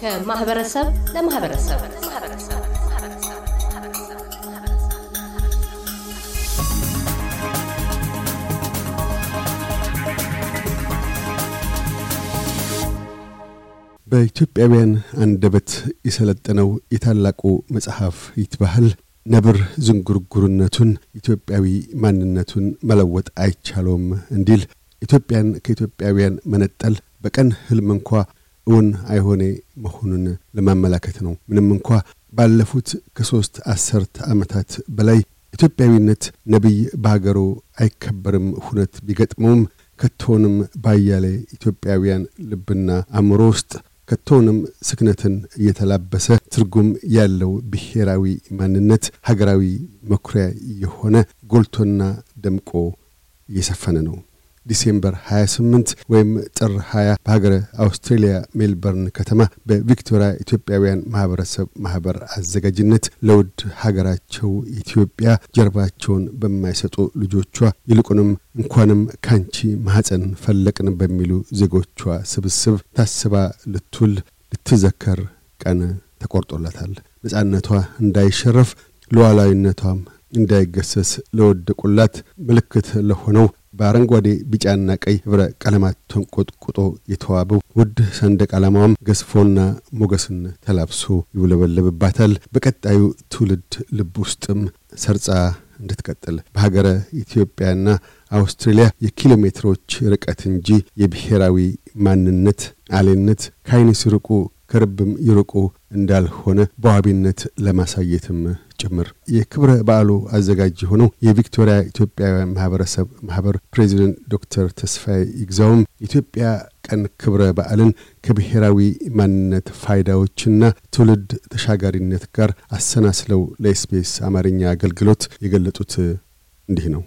ከማህበረሰብ ለማህበረሰብ በኢትዮጵያውያን አንደበት የሰለጠነው የታላቁ መጽሐፍ ይትባህል ነብር ዝንጉርጉርነቱን ኢትዮጵያዊ ማንነቱን መለወጥ አይቻለውም እንዲል ኢትዮጵያን ከኢትዮጵያውያን መነጠል በቀን ህልም እንኳ እውን አይሆኔ መሆኑን ለማመላከት ነው። ምንም እንኳ ባለፉት ከሦስት አስርት ዓመታት በላይ ኢትዮጵያዊነት ነቢይ በሀገሩ አይከበርም ሁነት ቢገጥመውም ከቶንም ባያሌ ኢትዮጵያውያን ልብና አእምሮ ውስጥ ከቶውንም ስክነትን እየተላበሰ ትርጉም ያለው ብሔራዊ ማንነት ሀገራዊ መኩሪያ የሆነ ጎልቶና ደምቆ እየሰፈነ ነው። ዲሴምበር 28 ወይም ጥር 20 በሀገረ አውስትሬሊያ ሜልበርን ከተማ በቪክቶሪያ ኢትዮጵያውያን ማህበረሰብ ማህበር አዘጋጅነት ለውድ ሀገራቸው ኢትዮጵያ ጀርባቸውን በማይሰጡ ልጆቿ ይልቁንም እንኳንም ካንቺ ማህፀን ፈለቅን በሚሉ ዜጎቿ ስብስብ ታስባ ልትውል ልትዘከር ቀን ተቆርጦላታል። ነጻነቷ እንዳይሸረፍ ሉዓላዊነቷም እንዳይገሰስ ለወደቁላት ምልክት ለሆነው በአረንጓዴ ቢጫና ቀይ ህብረ ቀለማት ተንቆጥቁጦ የተዋበው ውድ ሰንደቅ ዓላማዋም ገዝፎና ሞገስን ተላብሶ ይውለበለብባታል። በቀጣዩ ትውልድ ልብ ውስጥም ሰርጻ እንድትቀጥል በሀገረ ኢትዮጵያና አውስትሬልያ የኪሎ ሜትሮች ርቀት እንጂ የብሔራዊ ማንነት አሌነት ከአይን ሲርቁ ከርብም ይርቁ እንዳልሆነ በዋቢነት ለማሳየትም ጭምር የክብረ በዓሉ አዘጋጅ የሆነው የቪክቶሪያ ኢትዮጵያውያን ማህበረሰብ ማህበር ፕሬዚደንት ዶክተር ተስፋይ ይግዛውም ኢትዮጵያ ቀን ክብረ በዓልን ከብሔራዊ ማንነት ፋይዳዎችና ትውልድ ተሻጋሪነት ጋር አሰናስለው ለኤስፔስ አማርኛ አገልግሎት የገለጡት እንዲህ ነው።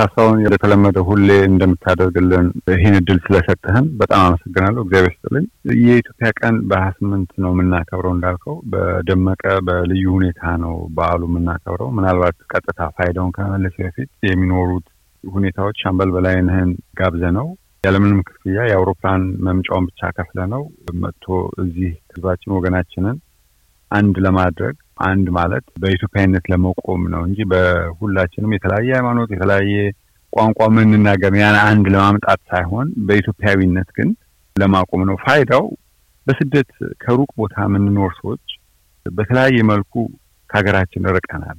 ካሳሁን እንደተለመደ ሁሌ እንደምታደርግልን ይህን እድል ስለሰጠህን በጣም አመሰግናለሁ። እግዚአብሔር ስጥልኝ። የኢትዮጵያ ቀን በሀያ ስምንት ነው የምናከብረው እንዳልከው በደመቀ በልዩ ሁኔታ ነው በዓሉ የምናከብረው። ምናልባት ቀጥታ ፋይዳውን ከመለስ በፊት የሚኖሩት ሁኔታዎች ሻምበል በላይነህን ጋብዘ ነው ያለምንም ክፍያ የአውሮፕላን መምጫውን ብቻ ከፍለ ነው መጥቶ እዚህ ህዝባችን ወገናችንን አንድ ለማድረግ አንድ ማለት በኢትዮጵያዊነት ለመቆም ነው እንጂ በሁላችንም የተለያየ ሃይማኖት፣ የተለያየ ቋንቋ የምንናገር ያን አንድ ለማምጣት ሳይሆን በኢትዮጵያዊነት ግን ለማቆም ነው። ፋይዳው በስደት ከሩቅ ቦታ የምንኖር ሰዎች በተለያየ መልኩ ከሀገራችን ርቀናል።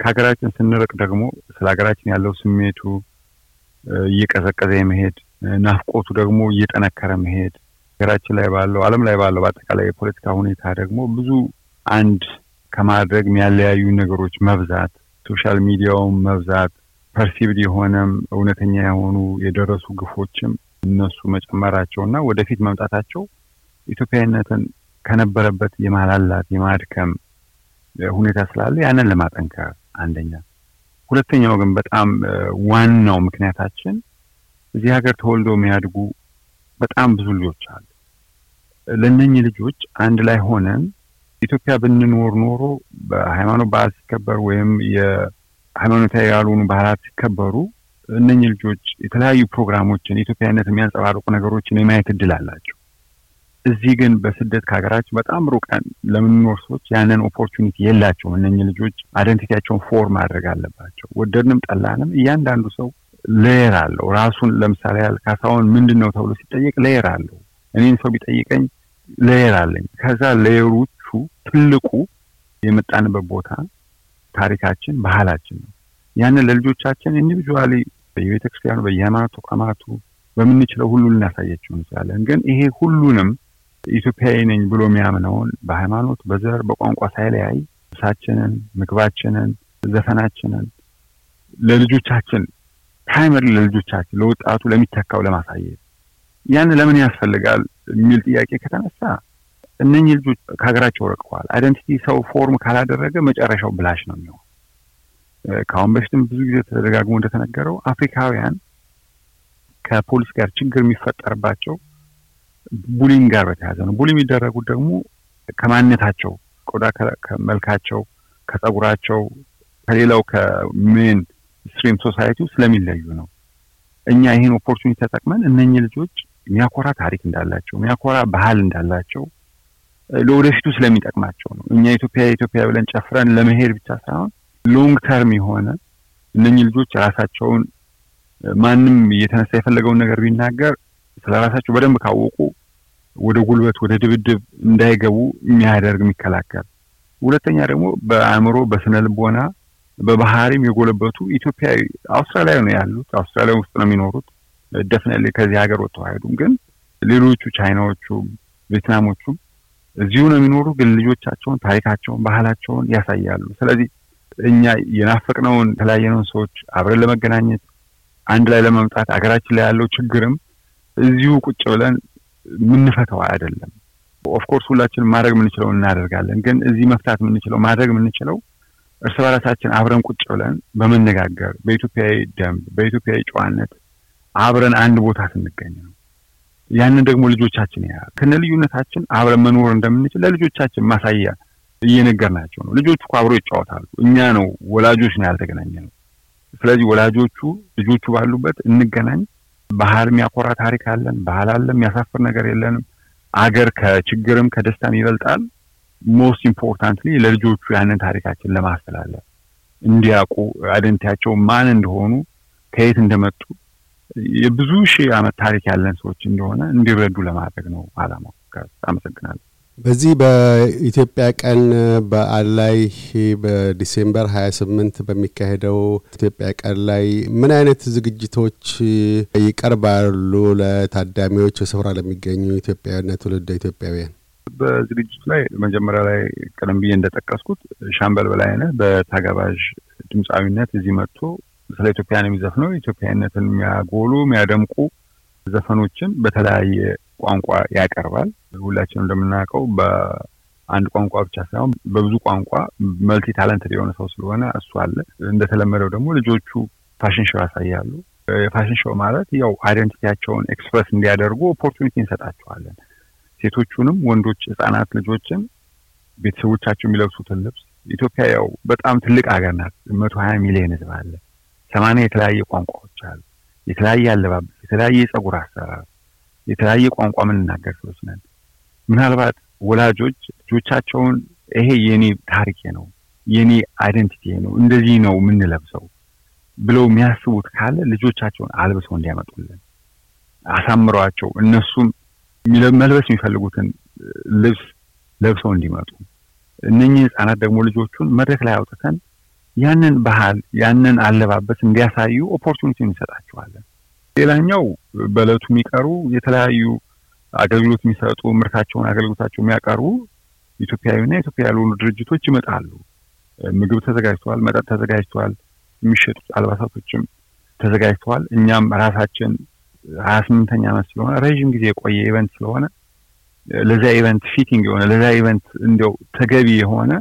ከሀገራችን ስንርቅ ደግሞ ስለ ሀገራችን ያለው ስሜቱ እየቀዘቀዘ መሄድ ናፍቆቱ ደግሞ እየጠነከረ መሄድ ሀገራችን ላይ ባለው ዓለም ላይ ባለው በአጠቃላይ የፖለቲካ ሁኔታ ደግሞ ብዙ አንድ ከማድረግ የሚያለያዩ ነገሮች መብዛት፣ ሶሻል ሚዲያውም መብዛት፣ ፐርሲቭድ የሆነም እውነተኛ የሆኑ የደረሱ ግፎችም እነሱ መጨመራቸው እና ወደፊት መምጣታቸው ኢትዮጵያዊነትን ከነበረበት የማላላት የማድከም ሁኔታ ስላለ ያንን ለማጠንከር አንደኛ። ሁለተኛው ግን በጣም ዋናው ምክንያታችን እዚህ ሀገር ተወልዶ የሚያድጉ በጣም ብዙ ልጆች አሉ። ለእነኚህ ልጆች አንድ ላይ ሆነን ኢትዮጵያ ብንኖር ኖሮ በሃይማኖት በዓል ሲከበር ወይም የሃይማኖታዊ ያልሆኑ ባህላት ሲከበሩ እነኚህ ልጆች የተለያዩ ፕሮግራሞችን የኢትዮጵያዊነት የሚያንጸባርቁ ነገሮችን የማየት እድል አላቸው። እዚህ ግን በስደት ከሀገራችን በጣም ሩቀን ለምንኖር ሰዎች ያንን ኦፖርቹኒቲ የላቸውም። እነኚህ ልጆች አይደንቲቲያቸውን ፎር ማድረግ አለባቸው። ወደድንም ጠላንም እያንዳንዱ ሰው ሌየር አለው ራሱን። ለምሳሌ ያህል ካሳሁን ምንድን ነው ተብሎ ሲጠየቅ ሌየር አለው። እኔን ሰው ቢጠይቀኝ ሌየር አለኝ። ከዛ ሌየሩ ትልቁ የመጣንበት ቦታ ታሪካችን፣ ባህላችን ነው። ያንን ለልጆቻችን ኢንዲቪጁዋሊ በየቤተ ክርስቲያኑ፣ በየሃይማኖት ተቋማቱ በምንችለው ሁሉ ልናሳያቸው እንችላለን። ግን ይሄ ሁሉንም ኢትዮጵያዊ ነኝ ብሎ የሚያምነውን በሃይማኖት፣ በዘር፣ በቋንቋ ሳይለያይ ልብሳችንን፣ ምግባችንን፣ ዘፈናችንን ለልጆቻችን ፕራይመሪ ለልጆቻችን ለወጣቱ ለሚተካው ለማሳየት ያን ለምን ያስፈልጋል የሚል ጥያቄ ከተነሳ እነኚህ ልጆች ከሀገራቸው ረቅተዋል። አይደንቲቲ ሰው ፎርም ካላደረገ መጨረሻው ብላሽ ነው የሚሆን። ከአሁን በፊትም ብዙ ጊዜ ተደጋግሞ እንደተነገረው አፍሪካውያን ከፖሊስ ጋር ችግር የሚፈጠርባቸው ቡሊንግ ጋር በተያያዘ ነው። ቡሊ የሚደረጉት ደግሞ ከማንነታቸው፣ ቆዳ ከመልካቸው፣ ከጸጉራቸው ከሌላው ከሜን ስትሪም ሶሳይቲ ስለሚለዩ ነው። እኛ ይህን ኦፖርቹኒቲ ተጠቅመን እነኚህ ልጆች የሚያኮራ ታሪክ እንዳላቸው፣ የሚያኮራ ባህል እንዳላቸው ለወደፊቱ ስለሚጠቅማቸው ነው። እኛ ኢትዮጵያ ኢትዮጵያ ብለን ጨፍረን ለመሄድ ብቻ ሳይሆን ሎንግ ተርም የሆነ እነኚህ ልጆች ራሳቸውን ማንም እየተነሳ የፈለገውን ነገር ቢናገር ስለ ራሳቸው በደንብ ካወቁ ወደ ጉልበት ወደ ድብድብ እንዳይገቡ የሚያደርግ የሚከላከል፣ ሁለተኛ ደግሞ በአእምሮ በስነ ልቦና በባህሪም የጎለበቱ ኢትዮጵያዊ አውስትራሊያ ነው ያሉት፣ አውስትራሊያ ውስጥ ነው የሚኖሩት። ደፍነ ከዚህ ሀገር ወጥተው አይሄዱም። ግን ሌሎቹ ቻይናዎቹም ቬትናሞቹም እዚሁ ነው የሚኖሩ፣ ግን ልጆቻቸውን፣ ታሪካቸውን፣ ባህላቸውን ያሳያሉ። ስለዚህ እኛ የናፈቅነውን የተለያየነውን ሰዎች አብረን ለመገናኘት አንድ ላይ ለመምጣት አገራችን ላይ ያለው ችግርም እዚሁ ቁጭ ብለን የምንፈተው አይደለም። ኦፍኮርስ ሁላችንም ማድረግ የምንችለው እናደርጋለን። ግን እዚህ መፍታት የምንችለው ማድረግ የምንችለው እርስ በራሳችን አብረን ቁጭ ብለን በመነጋገር በኢትዮጵያዊ ደንብ፣ በኢትዮጵያዊ ጨዋነት አብረን አንድ ቦታ ስንገኝ ነው። ያንን ደግሞ ልጆቻችን ያ ከነ ልዩነታችን አብረን መኖር እንደምንችል ለልጆቻችን ማሳያ እየነገርናቸው ነው። ልጆቹ እኮ አብረው ይጫወታሉ። እኛ ነው ወላጆች ነው ያልተገናኘ ነው። ስለዚህ ወላጆቹ ልጆቹ ባሉበት እንገናኝ። ባህል የሚያኮራ ታሪክ አለን። ባህል አለ። የሚያሳፍር ነገር የለንም። አገር ከችግርም ከደስታም ይበልጣል። ሞስት ኢምፖርታንትሊ ለልጆቹ ያንን ታሪካችን ለማስተላለፍ እንዲያውቁ አይደንቲያቸው ማን እንደሆኑ ከየት እንደመጡ የብዙ ሺህ ዓመት ታሪክ ያለን ሰዎች እንደሆነ እንዲረዱ ለማድረግ ነው አላማው። አመሰግናለሁ። በዚህ በኢትዮጵያ ቀን በዓል ላይ በዲሴምበር 28 በሚካሄደው ኢትዮጵያ ቀን ላይ ምን አይነት ዝግጅቶች ይቀርባሉ ለታዳሚዎች፣ ስፍራ ለሚገኙ ኢትዮጵያውያንና ትውልደ ኢትዮጵያውያን? በዝግጅቱ ላይ መጀመሪያ ላይ ቀደም ብዬ እንደጠቀስኩት ሻምበል በላይነህ በተጋባዥ ድምፃዊነት እዚህ መጥቶ ስለ ኢትዮጵያን የሚዘፍነው ኢትዮጵያዊነትን የሚያጎሉ የሚያደምቁ ዘፈኖችን በተለያየ ቋንቋ ያቀርባል። ሁላችንም እንደምናውቀው በአንድ ቋንቋ ብቻ ሳይሆን በብዙ ቋንቋ መልቲ ታለንትድ የሆነ ሰው ስለሆነ እሱ አለ። እንደተለመደው ደግሞ ልጆቹ ፋሽን ሾው ያሳያሉ። የፋሽን ሾው ማለት ያው አይደንቲቲያቸውን ኤክስፕረስ እንዲያደርጉ ኦፖርቹኒቲ እንሰጣቸዋለን። ሴቶቹንም፣ ወንዶች፣ ህጻናት ልጆችን ቤተሰቦቻቸው የሚለብሱትን ልብስ ኢትዮጵያ ያው በጣም ትልቅ ሀገር ናት። መቶ ሀያ ሚሊዮን ህዝብ አለ። ሰማንያ የተለያየ ቋንቋዎች አሉ። የተለያየ አለባበስ፣ የተለያየ የጸጉር አሰራር፣ የተለያየ ቋንቋ የምንናገር ሰዎች ነን። ምናልባት ወላጆች ልጆቻቸውን ይሄ የኔ ታሪኬ ነው የኔ አይደንቲቲ ነው እንደዚህ ነው የምንለብሰው ብለው የሚያስቡት ካለ ልጆቻቸውን አልብሰው እንዲያመጡልን አሳምሯቸው እነሱም መልበስ የሚፈልጉትን ልብስ ለብሰው እንዲመጡ እነኚህ ህጻናት ደግሞ ልጆቹን መድረክ ላይ አውጥተን ያንን ባህል ያንን አለባበስ እንዲያሳዩ ኦፖርቹኒቲ እንሰጣቸዋለን። ሌላኛው በእለቱ የሚቀሩ የተለያዩ አገልግሎት የሚሰጡ ምርታቸውን አገልግሎታቸው የሚያቀርቡ ኢትዮጵያዊና ኢትዮጵያ ያልሆኑ ድርጅቶች ይመጣሉ። ምግብ ተዘጋጅተዋል፣ መጠጥ ተዘጋጅተዋል፣ የሚሸጡት አልባሳቶችም ተዘጋጅተዋል። እኛም ራሳችን ሀያ ስምንተኛ ዓመት ስለሆነ ረዥም ጊዜ የቆየ ኢቨንት ስለሆነ ለዚያ ኢቨንት ፊቲንግ የሆነ ለዚያ ኢቨንት እንዲያው ተገቢ የሆነ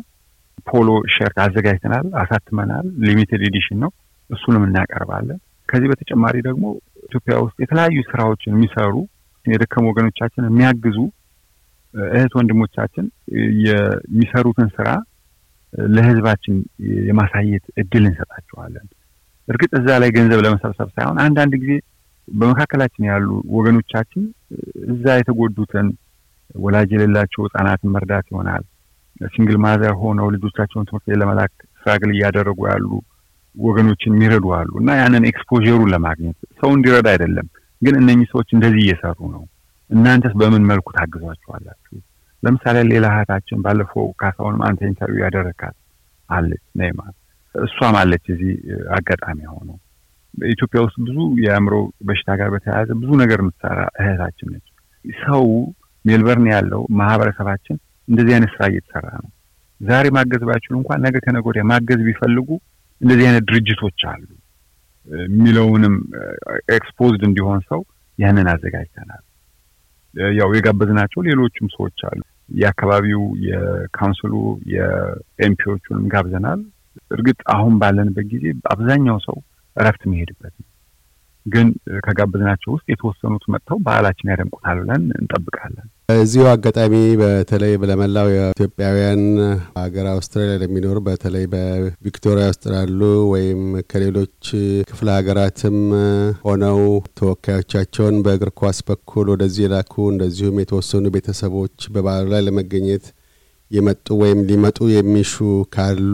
ፖሎ ሸርት አዘጋጅተናል፣ አሳትመናል። ሊሚትድ ኤዲሽን ነው። እሱንም እናቀርባለን። ከዚህ በተጨማሪ ደግሞ ኢትዮጵያ ውስጥ የተለያዩ ስራዎችን የሚሰሩ የደከሙ ወገኖቻችን የሚያግዙ እህት ወንድሞቻችን የሚሰሩትን ስራ ለህዝባችን የማሳየት እድል እንሰጣቸዋለን። እርግጥ እዛ ላይ ገንዘብ ለመሰብሰብ ሳይሆን አንዳንድ ጊዜ በመካከላችን ያሉ ወገኖቻችን እዛ የተጎዱትን ወላጅ የሌላቸው ህጻናትን መርዳት ይሆናል። ሲንግል ማዘር ሆነው ልጆቻቸውን ትምህርት ቤት ለመላክ ስትራግል እያደረጉ ያሉ ወገኖችን የሚረዱ አሉ እና ያንን ኤክስፖሩን ለማግኘት ሰው እንዲረዳ አይደለም፣ ግን እነኚህ ሰዎች እንደዚህ እየሰሩ ነው። እናንተስ በምን መልኩ ታግዟችኋላችሁ? ለምሳሌ ሌላ እህታችን ባለፈው ካሳሁንም አንተ ኢንተርቪው ያደረካት አለች ነይማ፣ እሷም አለች እዚህ አጋጣሚ ሆነው በኢትዮጵያ ውስጥ ብዙ የአእምሮ በሽታ ጋር በተያያዘ ብዙ ነገር የምትሰራ እህታችን ነች። ሰው ሜልበርን ያለው ማህበረሰባችን እንደዚህ አይነት ስራ እየተሰራ ነው። ዛሬ ማገዝ ባይችሉ እንኳን ነገ ከነገ ወዲያ ማገዝ ቢፈልጉ እንደዚህ አይነት ድርጅቶች አሉ የሚለውንም ኤክስፖዝድ እንዲሆን ሰው ያንን አዘጋጅተናል። ያው የጋበዝናቸው ሌሎችም ሰዎች አሉ። የአካባቢው የካውንስሉ የኤምፒዎቹንም ጋብዘናል። እርግጥ አሁን ባለንበት ጊዜ አብዛኛው ሰው እረፍት መሄድበት ነው። ግን ከጋበዝናቸው ውስጥ የተወሰኑት መጥተው ባህላችን ያደምቁታል ብለን እንጠብቃለን። እዚሁ አጋጣሚ በተለይ ለመላው ኢትዮጵያውያን ሀገር አውስትራሊያ ለሚኖሩ በተለይ በቪክቶሪያ ውስጥ ላሉ ወይም ከሌሎች ክፍለ ሀገራትም ሆነው ተወካዮቻቸውን በእግር ኳስ በኩል ወደዚህ የላኩ እንደዚሁም የተወሰኑ ቤተሰቦች በባህሉ ላይ ለመገኘት የመጡ ወይም ሊመጡ የሚሹ ካሉ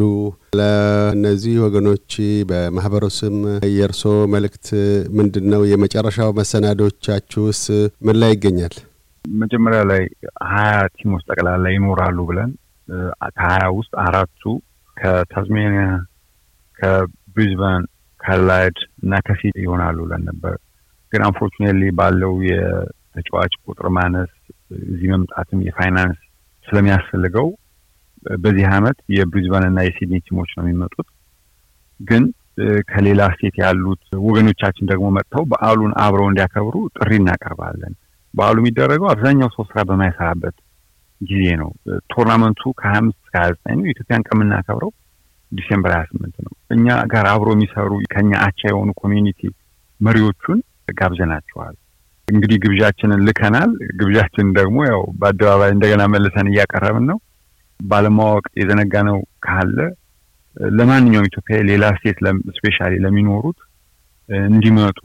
ለእነዚህ ወገኖች በማህበሩ ስም የእርሶ መልእክት ምንድን ነው? የመጨረሻው መሰናዶቻችሁስ ምን ላይ ይገኛል? መጀመሪያ ላይ ሀያ ቲሞች ጠቅላላ ይኖራሉ ብለን ከሀያ ውስጥ አራቱ ከታዝሜኒያ፣ ከብሪዝበን፣ ከላይድ እና ከሲድ ይሆናሉ ብለን ነበር። ግን አንፎርቹኔትሊ ባለው የተጫዋች ቁጥር ማነስ እዚህ መምጣትም የፋይናንስ ስለሚያስፈልገው በዚህ አመት የብሪዝበን እና የሲድኒ ቲሞች ነው የሚመጡት። ግን ከሌላ ስቴት ያሉት ወገኖቻችን ደግሞ መጥተው በዓሉን አብረው እንዲያከብሩ ጥሪ እናቀርባለን። በዓሉ የሚደረገው አብዛኛው ሰው ስራ በማይሰራበት ጊዜ ነው። ቶርናመንቱ ከሀያ እስከ ሀያ ዘጠኝ ነው። ኢትዮጵያን ቀን ዲሴምበር ሀያ ስምንት ነው። እኛ ጋር አብሮ የሚሰሩ ከኛ አቻ የሆኑ ኮሚኒቲ መሪዎቹን ጋብዘናቸዋል። እንግዲህ ግብዣችንን ልከናል። ግብዣችንን ደግሞ ያው በአደባባይ እንደገና መልሰን እያቀረብን ነው። ባለማወቅ ነው ካለ ለማንኛውም ኢትዮጵያ ሌላ ስቴት ስፔሻሊ ለሚኖሩት እንዲመጡ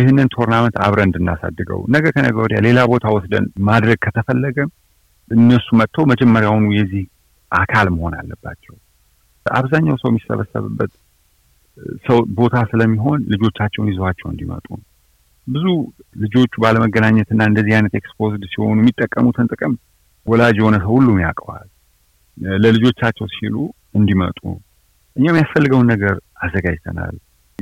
ይህንን ቶርናመንት አብረን እንድናሳድገው ነገ ከነገ ወዲያ ሌላ ቦታ ወስደን ማድረግ ከተፈለገ እነሱ መጥተው መጀመሪያውኑ የዚህ አካል መሆን አለባቸው። አብዛኛው ሰው የሚሰበሰብበት ሰው ቦታ ስለሚሆን ልጆቻቸውን ይዘዋቸው እንዲመጡ ብዙ ልጆቹ ባለመገናኘትና እንደዚህ አይነት ኤክስፖዝድ ሲሆኑ የሚጠቀሙትን ጥቅም ወላጅ የሆነ ሰው ሁሉም ያውቀዋል። ለልጆቻቸው ሲሉ እንዲመጡ እኛም ያስፈልገውን ነገር አዘጋጅተናል።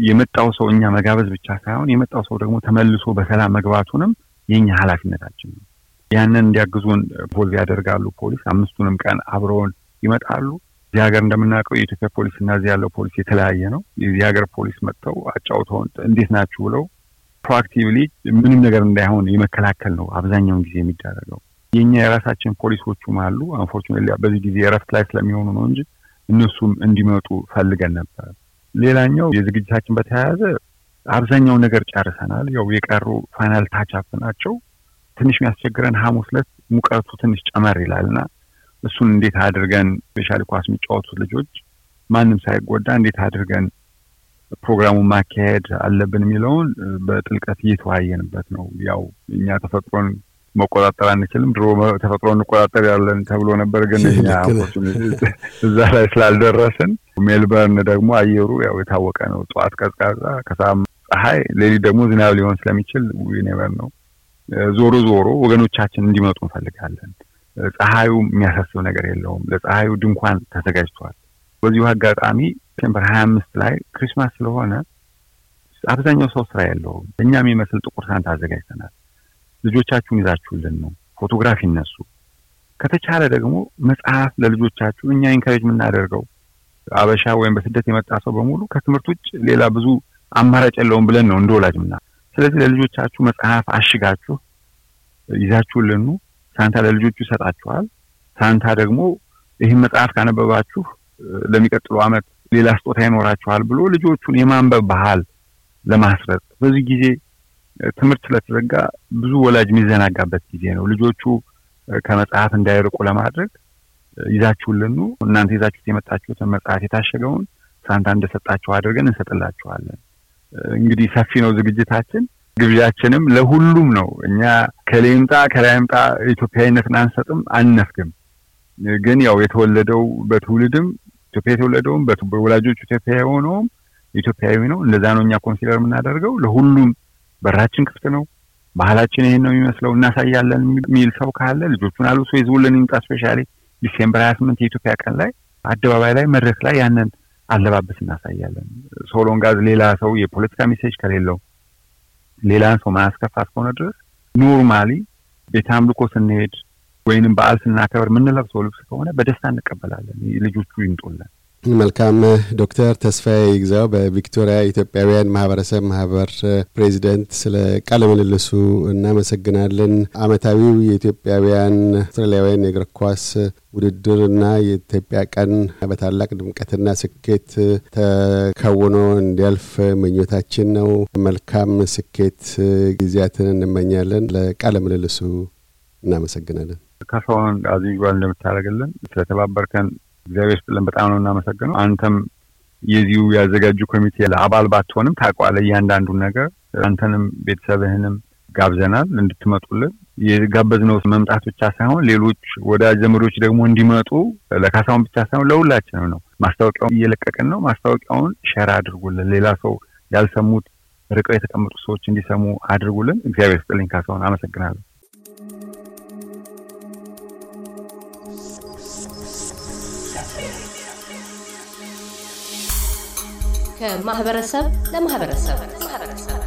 የመጣው ሰው እኛ መጋበዝ ብቻ ሳይሆን የመጣው ሰው ደግሞ ተመልሶ በሰላም መግባቱንም የኛ ኃላፊነታችን ነው። ያንን እንዲያግዙን ቮልቭ ያደርጋሉ። ፖሊስ አምስቱንም ቀን አብረውን ይመጣሉ። እዚህ ሀገር እንደምናውቀው የኢትዮጵያ ፖሊስ እና እዚህ ያለው ፖሊስ የተለያየ ነው። የዚህ ሀገር ፖሊስ መጥተው አጫውተውን እንዴት ናችሁ ብለው ፕሮአክቲቭሊ ምንም ነገር እንዳይሆን የመከላከል ነው አብዛኛውን ጊዜ የሚደረገው። የእኛ የራሳችን ፖሊሶቹም አሉ። አንፎርቹኔትሊ በዚህ ጊዜ እረፍት ላይ ስለሚሆኑ ነው እንጂ እነሱም እንዲመጡ ፈልገን ነበር። ሌላኛው የዝግጅታችን በተያያዘ አብዛኛው ነገር ጨርሰናል። ያው የቀሩ ፋይናል ታቻፕ ናቸው። ትንሽ የሚያስቸግረን ሐሙስ ዕለት ሙቀቱ ትንሽ ጨመር ይላልና እሱን እንዴት አድርገን ስፔሻሊ ኳስ የሚጫወቱት ልጆች ማንም ሳይጎዳ እንዴት አድርገን ፕሮግራሙን ማካሄድ አለብን የሚለውን በጥልቀት እየተወያየንበት ነው። ያው እኛ ተፈጥሮን መቆጣጠር አንችልም። ድሮ ተፈጥሮ እንቆጣጠር ያለን ተብሎ ነበር፣ ግን እኛ እዛ ላይ ስላልደረስን። ሜልበርን ደግሞ አየሩ ያው የታወቀ ነው። ጠዋት ቀዝቃዛ፣ ከሳም ፀሐይ፣ ሌሊት ደግሞ ዝናብ ሊሆን ስለሚችል ዊኔቨር ነው። ዞሮ ዞሮ ወገኖቻችን እንዲመጡ እንፈልጋለን። ፀሐዩ የሚያሳስብ ነገር የለውም። ለፀሐዩ ድንኳን ተዘጋጅቷል። በዚሁ አጋጣሚ ሴፕቴምበር ሀያ አምስት ላይ ክሪስማስ ስለሆነ አብዛኛው ሰው ስራ የለውም። እኛ የሚመስል ጥቁር ሳንታ አዘጋጅተናል። ልጆቻችሁን ይዛችሁልን ነው ፎቶግራፍ ይነሱ። ከተቻለ ደግሞ መጽሐፍ ለልጆቻችሁ እኛ ኢንካሬጅ የምናደርገው አበሻ ወይም በስደት የመጣ ሰው በሙሉ ከትምህርት ውጭ ሌላ ብዙ አማራጭ የለውም ብለን ነው እንደ ወላጅ ምና ስለዚህ ለልጆቻችሁ መጽሐፍ አሽጋችሁ ይዛችሁልን ሳንታ ለልጆቹ ይሰጣችኋል። ሳንታ ደግሞ ይህን መጽሐፍ ካነበባችሁ ለሚቀጥለው ዓመት ሌላ ስጦታ ይኖራችኋል ብሎ ልጆቹን የማንበብ ባህል ለማስረጥ በዚህ ጊዜ ትምህርት ስለተዘጋ ብዙ ወላጅ የሚዘናጋበት ጊዜ ነው። ልጆቹ ከመጽሐፍ እንዳይርቁ ለማድረግ ይዛችሁልኑ እናንተ ይዛችሁት የመጣችሁትን መጽሐፍ የታሸገውን ሳንታ እንደሰጣችሁ አድርገን እንሰጥላችኋለን። እንግዲህ ሰፊ ነው ዝግጅታችን፣ ግብዣችንም ለሁሉም ነው። እኛ ከሌምጣ ከላይምጣ ኢትዮጵያዊነትን አንሰጥም፣ አንነፍግም። ግን ያው የተወለደው በትውልድም ኢትዮጵያ የተወለደውም በወላጆቹ ኢትዮጵያ የሆነውም ኢትዮጵያዊ ነው። እንደዛ ነው እኛ ኮንሲደር የምናደርገው ለሁሉም በራችን ክፍት ነው፣ ባህላችን ይሄን ነው የሚመስለው እናሳያለን የሚል ሰው ካለ ልጆቹን አልብሶ ይዝቡልን ይምጣ። ስፔሻሊ ዲሴምበር ሀያ ስምንት የኢትዮጵያ ቀን ላይ አደባባይ ላይ መድረክ ላይ ያንን አለባበስ እናሳያለን። ሶሎንጋዝ ሌላ ሰው የፖለቲካ ሜሴጅ ከሌለው ሌላን ሰው ማያስከፋ እስከሆነ ድረስ ኖርማሊ ቤተ አምልኮ ስንሄድ ወይንም በዓል ስናከብር የምንለብሰው ልብስ ከሆነ በደስታ እንቀበላለን። ልጆቹ ይምጡልን። መልካም ዶክተር ተስፋዬ ይግዛው በቪክቶሪያ ኢትዮጵያውያን ማህበረሰብ ማህበር ፕሬዚደንት፣ ስለ ቃለ ምልልሱ እናመሰግናለን። አመታዊው የኢትዮጵያውያን አውስትራሊያውያን የእግር ኳስ ውድድር ውድድርና የኢትዮጵያ ቀን በታላቅ ድምቀትና ስኬት ተከውኖ እንዲያልፍ ምኞታችን ነው። መልካም ስኬት ጊዜያትን እንመኛለን። ለቃለ ምልልሱ እናመሰግናለን። ካሳሁን አዚ ጓል እንደምታደርግልን ስለተባበርከን እግዚአብሔር ስጥልን። በጣም ነው እናመሰግነው። አንተም የዚሁ ያዘጋጁ ኮሚቴ ለአባል ባትሆንም ታውቀዋለህ እያንዳንዱን ነገር። አንተንም ቤተሰብህንም ጋብዘናል እንድትመጡልን። የጋበዝነው መምጣት ብቻ ሳይሆን ሌሎች ወዳጅ ዘመዶች ደግሞ እንዲመጡ ለካሳሁን ብቻ ሳይሆን ለሁላችንም ነው። ማስታወቂያውን እየለቀቅን ነው። ማስታወቂያውን ሸራ አድርጉልን። ሌላ ሰው ያልሰሙት ርቀው የተቀመጡ ሰዎች እንዲሰሙ አድርጉልን። እግዚአብሔር ስጥልኝ። ካሳሁን አመሰግናለሁ። ከማህበረሰብ ለማህበረሰብ